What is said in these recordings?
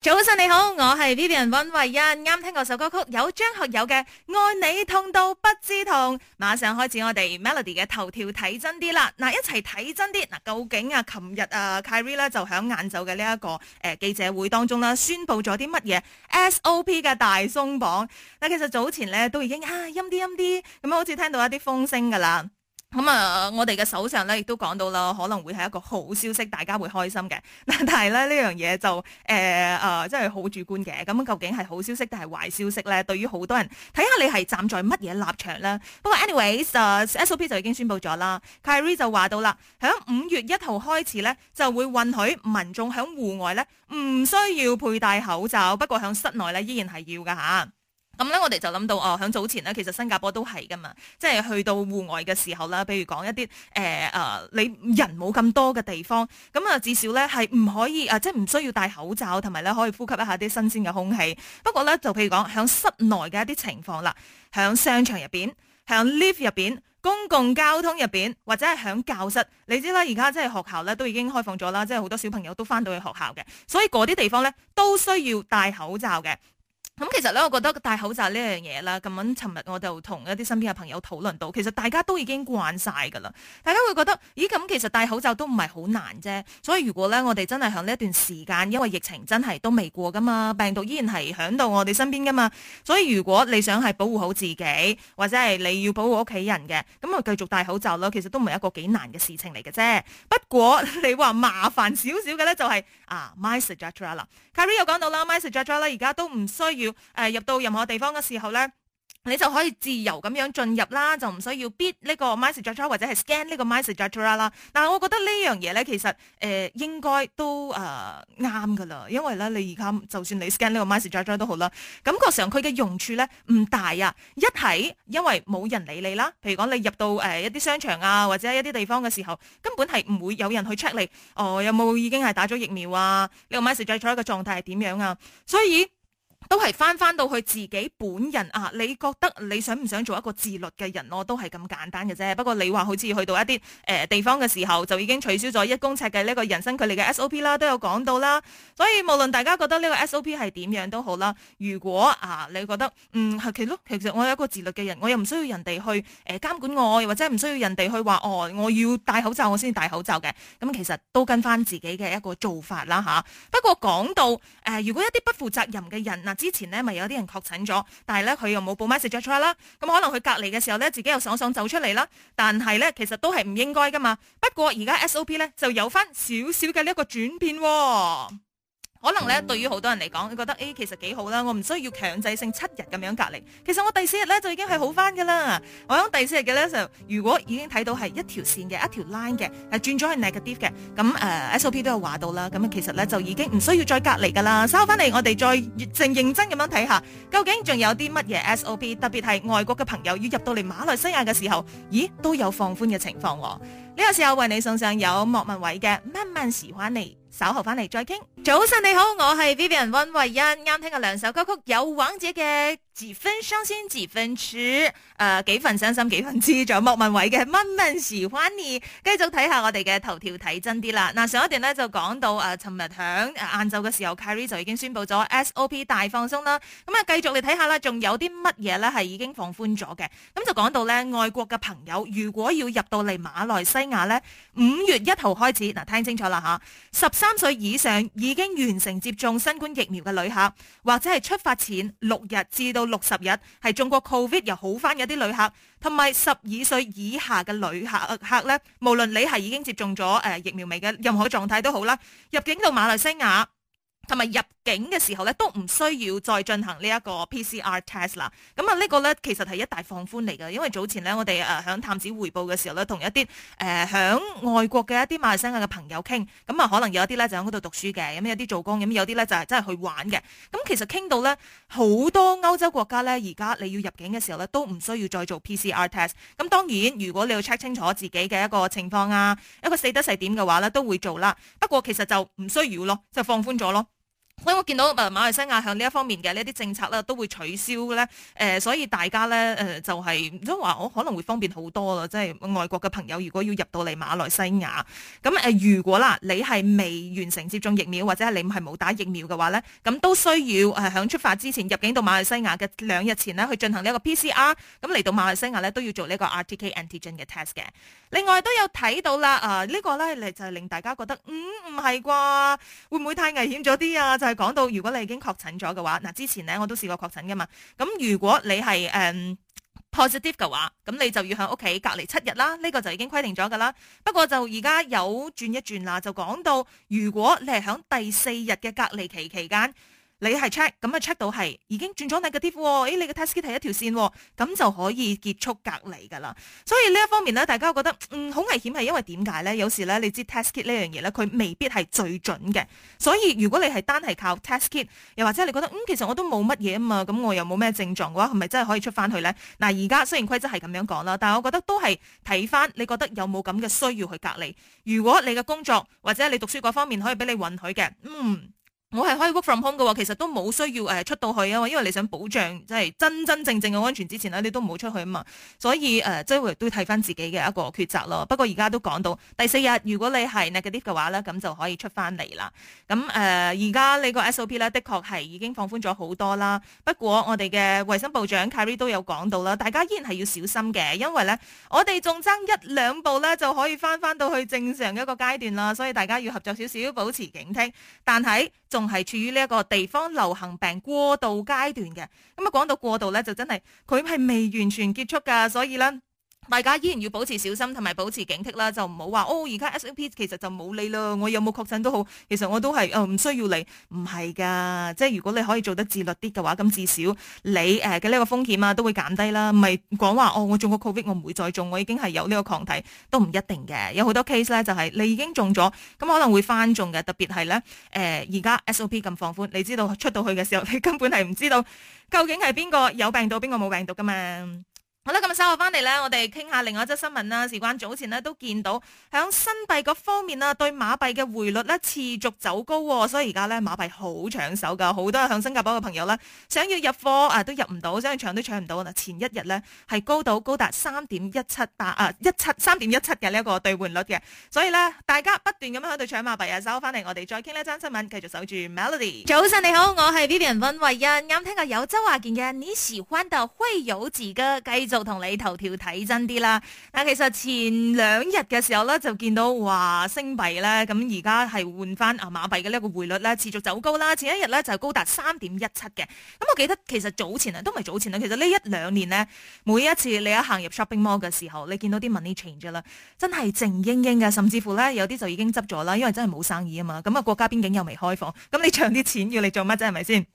早晨你好，我係 Vivian 溫慧欣，啱聽過首歌曲有張學友嘅《愛你痛到不知痛》，馬上開始我哋 Melody 嘅頭條睇真啲啦，嗱一齊睇真啲，嗱究竟啊，琴日啊，Kerry 咧就響晏晝嘅呢一個誒、呃、記者會當中啦，宣布咗啲乜嘢 SOP 嘅大鬆綁。嗱其實早前咧都已經啊陰啲陰啲，咁樣好似聽到一啲風聲噶啦。咁啊、嗯，我哋嘅首相咧，亦都講到啦，可能會係一個好消息，大家會開心嘅。但係咧，呢樣嘢就誒啊，真係好主觀嘅。咁、嗯、究竟係好消息定係壞消息咧？對於好多人睇下你係站在乜嘢立場咧。不過 anyways，SOP 就，就已經宣布咗啦。Khairy 就話到啦，響五月一號開始咧，就會允許民眾喺戶外咧唔需要佩戴口罩，不過喺室內咧依然係要㗎吓。咁咧、嗯，我哋就諗到哦，喺早前咧，其實新加坡都係噶嘛，即係去到戶外嘅時候啦，譬如講一啲誒啊，你人冇咁多嘅地方，咁、嗯、啊，至少咧係唔可以啊，即係唔需要戴口罩，同埋咧可以呼吸一下啲新鮮嘅空氣。不過咧，就譬如講喺室內嘅一啲情況啦，喺商場入邊、喺 lift 入邊、公共交通入邊，或者係喺教室，你知啦，而家即係學校咧都已經開放咗啦，即係好多小朋友都返到去學校嘅，所以嗰啲地方咧都需要戴口罩嘅。咁其實咧，我覺得戴口罩呢樣嘢啦，咁樣尋日我就同一啲身邊嘅朋友討論到，其實大家都已經慣晒㗎啦。大家會覺得，咦咁其實戴口罩都唔係好難啫。所以如果咧，我哋真係響呢一段時間，因為疫情真係都未過噶嘛，病毒依然係響到我哋身邊噶嘛。所以如果你想係保護好自己，或者係你要保護屋企人嘅，咁啊繼續戴口罩咯。其實都唔係一個幾難嘅事情嚟嘅啫。不過你話麻煩少少嘅咧、就是，就係啊，mask adjust 啦，Carrie 又講到啦，mask adjust 啦，而家都唔需要。誒、呃，入到任何地方嘅時候咧，你就可以自由咁樣進入啦，就唔需要 bid 呢個 MySejahtera 或者係 scan 呢個 MySejahtera 啦。但係我覺得呢樣嘢咧，其實誒、呃、應該都誒啱㗎啦，因為咧你而家就算你 scan 呢個 MySejahtera 都好啦，感覺上佢嘅用處咧唔大啊。一係，因為冇人理你啦，譬如講你入到誒、呃、一啲商場啊或者一啲地方嘅時候，根本係唔會有人去 check 你。哦、呃，有冇已經係打咗疫苗啊？呢、這個 MySejahtera 嘅狀態係點樣啊？所以。都係翻翻到去自己本人啊！你覺得你想唔想做一個自律嘅人咯？都係咁簡單嘅啫。不過你話好似去到一啲誒、呃、地方嘅時候，就已經取消咗一公尺嘅呢個人身距離嘅 SOP 啦，都有講到啦。所以無論大家覺得呢個 SOP 係點樣都好啦。如果啊，你覺得嗯其咯，其實我係一個自律嘅人，我又唔需要人哋去誒監、呃、管我，或者唔需要人哋去話哦，我要戴口罩我先戴口罩嘅。咁、嗯、其實都跟翻自己嘅一個做法啦嚇、啊。不過講到誒、呃，如果一啲不負責任嘅人啊～之前咧咪有啲人確診咗，但係咧佢又冇報 mask 著咗啦，咁可能佢隔離嘅時候咧自己又爽爽走出嚟啦，但係咧其實都係唔應該噶嘛。不過而家 SOP 咧就有翻少少嘅呢一個轉變。可能咧，對於好多人嚟講，佢覺得，哎、欸，其實幾好啦，我唔需要強制性七日咁樣隔離。其實我第四日咧就已經係好翻噶啦。我喺第四日嘅咧就，如果已經睇到係一條線嘅一條 line 嘅，係轉咗係 negative 嘅，咁誒、呃、SOP 都有話到啦。咁其實咧就已經唔需要再隔離噶啦。稍後翻嚟，我哋再正認真咁樣睇下，究竟仲有啲乜嘢 SOP，特別係外國嘅朋友要入到嚟馬來西亞嘅時候，咦都有放寬嘅情況喎、哦。呢、這個時候為你送上有莫文蔚嘅慢慢時光嚟。稍後返嚟再傾。早晨你好，我係 Vivian 溫慧欣，啱聽嘅兩首歌曲有玩者嘅。自分自分呃、幾分傷心，幾分痴。誒幾份傷心，幾分痴。仲莫文蔚嘅《問問時 u 你」，n y 繼續睇下我哋嘅頭條睇真啲啦。嗱，上一段咧就講到誒，尋、呃、日喺晏晝嘅時候，Kerry 就已經宣布咗 SOP 大放鬆啦。咁、嗯、啊，繼續嚟睇下啦，仲有啲乜嘢咧係已經放寬咗嘅。咁、嗯、就講到咧，外國嘅朋友如果要入到嚟馬來西亞咧，五月一號開始，嗱、嗯、聽清楚啦嚇，十三歲以上已經完成接種新冠疫苗嘅旅客，或者係出發前六日至到。六十日係中過 Covid 又好返嘅一啲旅客，同埋十二歲以下嘅旅客客咧，無論你係已經接種咗誒疫苗未嘅任何狀態都好啦，入境到馬來西亞同埋入。境嘅時候咧，都唔需要再進行呢一個 P C R test 啦。咁啊，呢個咧其實係一大放寬嚟㗎，因為早前咧我哋誒響探子匯報嘅時候咧，同一啲誒響外國嘅一啲馬來西亞嘅朋友傾，咁啊可能有一啲咧就喺嗰度讀書嘅，咁有啲做工，咁有啲咧就係真係去玩嘅。咁其實傾到咧好多歐洲國家咧，而家你要入境嘅時候咧，都唔需要再做 P C R test。咁當然如果你要 check 清楚自己嘅一個情況啊，一個死得細點嘅話咧，都會做啦。不過其實就唔需要咯，就放寬咗咯。所以我見到啊馬來西亞向呢一方面嘅呢一啲政策咧都會取消咧，誒，所以大家咧誒就係都話我可能會方便好多啦，即係外國嘅朋友如果要入到嚟馬來西亞，咁誒如果啦你係未完成接種疫苗或者係你唔係冇打疫苗嘅話咧，咁都需要誒喺出發之前入境到馬來西亞嘅兩日前呢去進行呢一個 PCR，咁嚟到馬來西亞咧都要做呢個 RTK antigen 嘅 test 嘅。另外都有睇到啦，啊呢個咧嚟就係令大家覺得嗯唔係啩，會唔會太危險咗啲啊？係講到如果你已經確診咗嘅話，嗱之前咧我都試過確診噶嘛，咁如果你係誒、um, positive 嘅話，咁你就要喺屋企隔離七日啦，呢個就已經規定咗噶啦。不過就而家有轉一轉啦，就講到如果你係喺第四日嘅隔離期期間。你係 check 咁啊 check 到係已經轉咗你嘅 negative 喎，誒你嘅 test kit 係一條線咁就可以結束隔離㗎啦。所以呢一方面咧，大家覺得嗯好危險係因為點解咧？有時咧你知 test kit 呢樣嘢咧，佢未必係最準嘅。所以如果你係單係靠 test kit，又或者你覺得咁、嗯、其實我都冇乜嘢啊嘛，咁我又冇咩症狀嘅話，係咪真係可以出翻去咧？嗱而家雖然規則係咁樣講啦，但係我覺得都係睇翻你覺得有冇咁嘅需要去隔離。如果你嘅工作或者你讀書嗰方面可以俾你允許嘅，嗯。我係開 work from home 嘅，其實都冇需要誒、呃、出到去啊，因為你想保障即係真真正正嘅安全之前咧，你都唔好出去啊嘛。所以誒，即、呃、係都睇翻自己嘅一個抉擇咯。不過而家都講到第四日，如果你係 negative 嘅話呢，咁就可以出翻嚟啦。咁誒，而、呃、家你個 SOP 呢，的確係已經放寬咗好多啦。不過我哋嘅衛生部長 Carrie 都有講到啦，大家依然係要小心嘅，因為呢我哋仲爭一兩步呢，就可以翻翻到去正常嘅一個階段啦。所以大家要合作少少，保持警惕。但係。仲係處於呢一個地方，流行病過渡階段嘅，咁啊講到過渡咧，就真係，佢，係未完全結束噶，所以咧。大家依然要保持小心同埋保持警惕啦，就唔好話哦，而家 SOP 其實就冇你咯。我有冇確診都好，其實我都係誒唔需要你，唔係噶。即係如果你可以做得自律啲嘅話，咁至少你誒嘅呢個風險啊都會減低啦。唔係講話哦，我中過 Covid，我唔會再中，我已經係有呢個抗體都唔一定嘅。有好多 case 咧，就係你已經中咗，咁可能會翻中嘅。特別係咧誒，而家 SOP 咁放寬，你知道出到去嘅時候，你根本係唔知道究竟係邊個有病毒，邊個冇病毒噶嘛。好啦，咁稍後翻嚟咧，我哋傾下另外一則新聞啦。事關早前呢，都見到響新幣嗰方面啊，對馬幣嘅匯率咧持續走高、哦，所以而家咧馬幣好搶手噶，好多響新加坡嘅朋友咧想要入貨啊都入唔到，想去搶都搶唔到嗱，前一日咧係高到高達三點一七八啊一七三點一七嘅呢一個兌換率嘅，所以咧大家不斷咁樣喺度搶馬幣啊！稍後翻嚟，我哋再傾呢一則新聞，繼續守住 Melody。早晨你好，我係 Vivian 温慧欣，啱聽過有周華健嘅你喜歡的會友字嘅繼續。同你頭條睇真啲啦，嗱，其實前兩日嘅時候咧就見到話星幣咧，咁而家係換翻啊馬幣嘅呢一個匯率咧持續走高啦，前一日咧就高達三點一七嘅，咁我記得其實早前啊，都唔係早前啦，其實一兩呢一兩年咧，每一次你一行入 shopping mall 嘅時候，你見到啲 money change 啦，真係靜英英嘅，甚至乎咧有啲就已經執咗啦，因為真係冇生意啊嘛，咁啊國家邊境又未開放，咁你唱啲錢要你做乜啫係咪先？是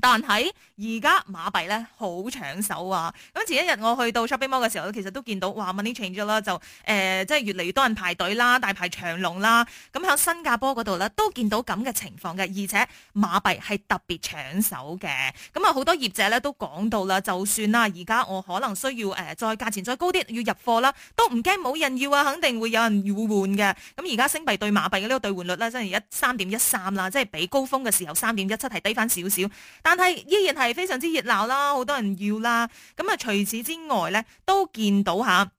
但係而家馬幣咧好搶手啊！咁前一日我去到 Shopping Mall 嘅時候，其實都見到哇 Money Change 啦，就誒、呃、即係越嚟越多人排隊啦，大排長龍啦。咁喺新加坡嗰度咧，都見到咁嘅情況嘅，而且馬幣係特別搶手嘅。咁啊好多業者咧都講到啦，就算啦而家我可能需要誒、呃、再價錢再高啲要入貨啦，都唔驚冇人要啊，肯定會有人要換嘅。咁而家星幣對馬幣嘅呢個兌換率咧，真係一三點一三啦，即係比高峰嘅時候三點一七係低翻少少。但係依然係非常之熱鬧啦，好多人要啦。咁啊，除此之外咧，都見到吓。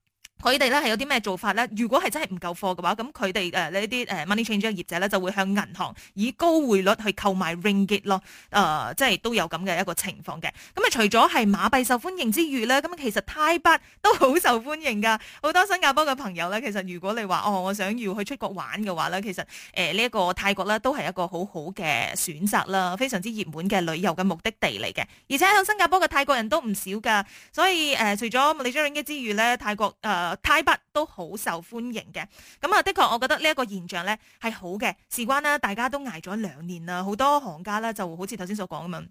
佢哋咧係有啲咩做法咧？如果係真係唔夠貨嘅話，咁佢哋誒呢啲誒 money changer 業者咧就會向銀行以高匯率去購買 ringgit 咯。誒、呃，即係都有咁嘅一個情況嘅。咁、嗯、啊，除咗係馬幣受歡迎之餘咧，咁其實泰幣都好受歡迎噶。好多新加坡嘅朋友咧，其實如果你話哦，我想要去出國玩嘅話咧，其實誒呢一個泰國咧都係一個好好嘅選擇啦，非常之熱門嘅旅遊嘅目的地嚟嘅。而且喺新加坡嘅泰國人都唔少噶，所以誒、呃，除咗 ringgit 之餘咧，泰國誒。呃呃泰北都好受歡迎嘅，咁啊，的確我覺得呢一個現象咧係好嘅，事關咧大家都挨咗兩年啦，好多行家咧就好似頭先所講咁樣。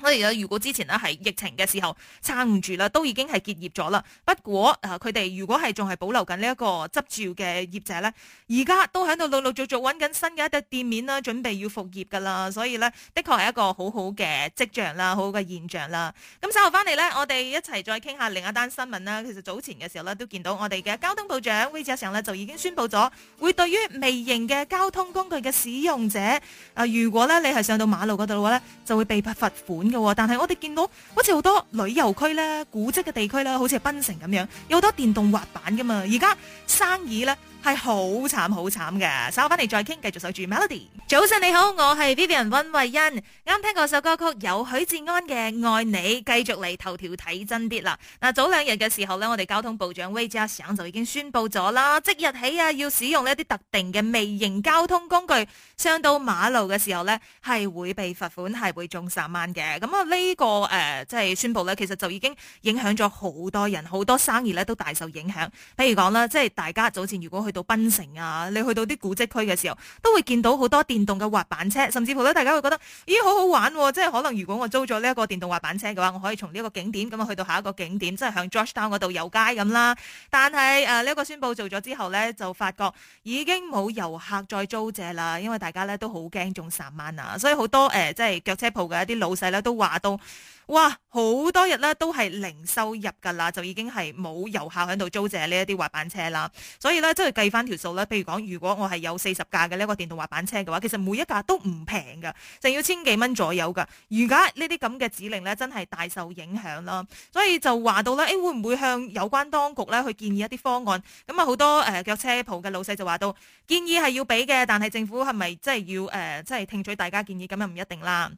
我哋如果之前咧係疫情嘅時候撐唔住啦，都已經係結業咗啦。不過誒，佢哋如果係仲係保留緊呢一個執照嘅業者呢，而家都喺度陸陸續續揾緊新嘅一笪店面啦，準備要復業噶啦。所以呢，的確係一個好好嘅跡象啦，好好嘅現象啦。咁稍後翻嚟呢，我哋一齊再傾下另一單新聞啦。其實早前嘅時候呢，都見到我哋嘅交通部長 Vijay 上咧，就已經宣布咗，會對於微型嘅交通工具嘅使用者，誒，如果呢，你係上到馬路嗰度嘅話呢，就會被罰罰款。嘅，但係我哋見到好似好多旅遊區咧、古蹟嘅地區啦，好似係檳城咁樣，有好多電動滑板噶嘛，而家生意咧係好慘好慘嘅，稍翻嚟，再傾，繼續守住 Melody。早晨你好，我係 Vivian 溫慧欣。啱聽過首歌曲有許志安嘅《愛你》，繼續嚟，頭條睇真啲啦。嗱，早兩日嘅時候咧，我哋交通部長 Wee Ka Siong 就已經宣布咗啦，即日起啊，要使用呢啲特定嘅微型交通工具上到馬路嘅時候咧，係會被罰款，係會中十萬嘅。咁啊，呢個誒，即係宣布咧，其實就已經影響咗好多人，好多生意咧都大受影響。譬如講啦，即係大家早前如果去到檳城啊，你去到啲古跡區嘅時候，都會見到好多電。電動嘅滑板車，甚至乎咧，大家會覺得咦好好玩，哦，即係可能如果我租咗呢一個電動滑板車嘅話，我可以從呢個景點咁啊去到下一個景點，即係向 Joshdown 嗰度遊街咁啦。但係誒呢個宣佈做咗之後呢，就發覺已經冇遊客再租借啦，因為大家呢都好驚中三萬啊，所以好多誒、呃、即係腳車鋪嘅一啲老細呢都話到，哇，好多日咧都係零收入噶啦，就已經係冇遊客喺度租借呢一啲滑板車啦。所以咧，即係計翻條數咧，譬如講，如果我係有四十架嘅呢、呢個電動滑板車嘅話，其實每一架都唔平，噶，淨要千幾蚊左右噶。而家呢啲咁嘅指令咧，真係大受影響啦。所以就話到咧，誒、哎、會唔會向有關當局咧去建議一啲方案？咁啊好多誒嘅、呃、車鋪嘅老細就話到，建議係要俾嘅，但係政府係咪真係要誒，真、呃、係、即係、聽取大家建議？咁又唔一定啦。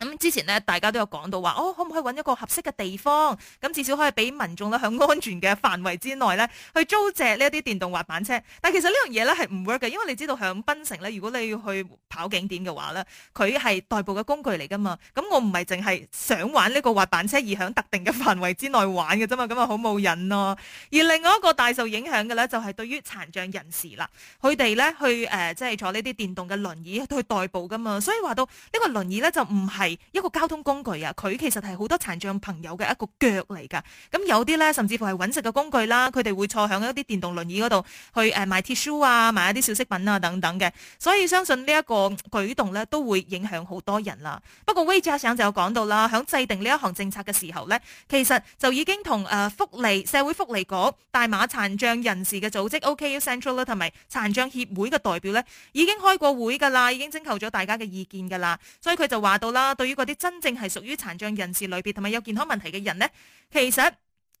咁之前咧，大家都有講到話，哦，可唔可以揾一個合適嘅地方，咁至少可以俾民眾咧喺安全嘅範圍之內咧，去租借呢一啲電動滑板車。但其實呢樣嘢咧係唔 work 嘅，因為你知道喺檳城咧，如果你要去跑景點嘅話咧，佢係代步嘅工具嚟噶嘛。咁我唔係淨係想玩呢個滑板車，而喺特定嘅範圍之內玩嘅啫嘛，咁啊好冇癮咯。而另外一個大受影響嘅咧，就係對於殘障人士啦，佢哋咧去誒即係坐呢啲電動嘅輪椅去代步噶嘛，所以話到呢個輪椅咧就唔係，一個交通工具啊，佢其實係好多殘障朋友嘅一個腳嚟噶。咁、嗯、有啲咧，甚至乎係揾食嘅工具啦，佢哋會坐響一啲電動輪椅嗰度去誒賣 tissue 啊，賣一啲小飾品啊等等嘅。所以相信呢一個舉動咧，都會影響好多人啦。不過 Wee Jasper 就有講到啦，響制定呢一項政策嘅時候咧，其實就已經同誒、呃、福利社會福利局、大馬殘障人士嘅組織 OK Central 啦，同埋殘障協會嘅代表咧，已經開過會噶啦，已經徵求咗大家嘅意見噶啦。所以佢就話到啦。對於嗰啲真正係屬於殘障人士類別同埋有健康問題嘅人呢，其實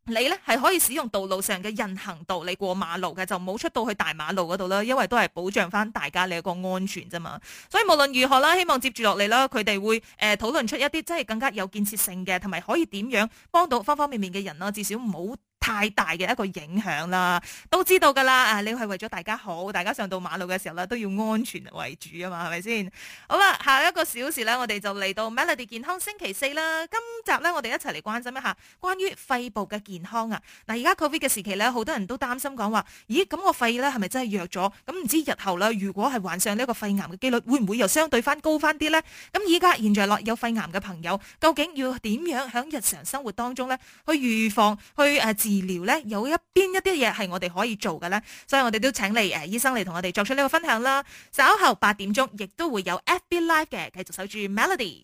你呢係可以使用道路上嘅人行道，你過馬路嘅就唔好出到去大馬路嗰度啦，因為都係保障翻大家你一個安全啫嘛。所以無論如何啦，希望接住落嚟啦，佢哋會誒討論出一啲即係更加有建設性嘅，同埋可以點樣幫到方方面面嘅人啦，至少唔好太大嘅一個影響啦，都知道噶啦，啊，你係為咗大家好，大家上到馬路嘅時候咧都要安全為主啊嘛，係咪先？好啦，下一個小時咧，我哋就嚟到 Melody 健康星期四啦。今集咧，我哋一齊嚟關心一下關於肺部嘅健康啊。嗱，而家 Covid 嘅時期咧，好多人都擔心講話，咦，咁我肺咧係咪真係弱咗？咁唔知日後咧，如果係患上呢個肺癌嘅幾率，會唔會又相對翻高翻啲咧？咁而家現在落有肺癌嘅朋友，究竟要點樣響日常生活當中咧去預防、去誒、呃、治？聊咧有一邊一啲嘢係我哋可以做嘅咧，所以我哋都請嚟誒、呃、醫生嚟同我哋作出呢個分享啦。稍後八點鐘亦都會有 FB Live 嘅，繼續守住 Melody。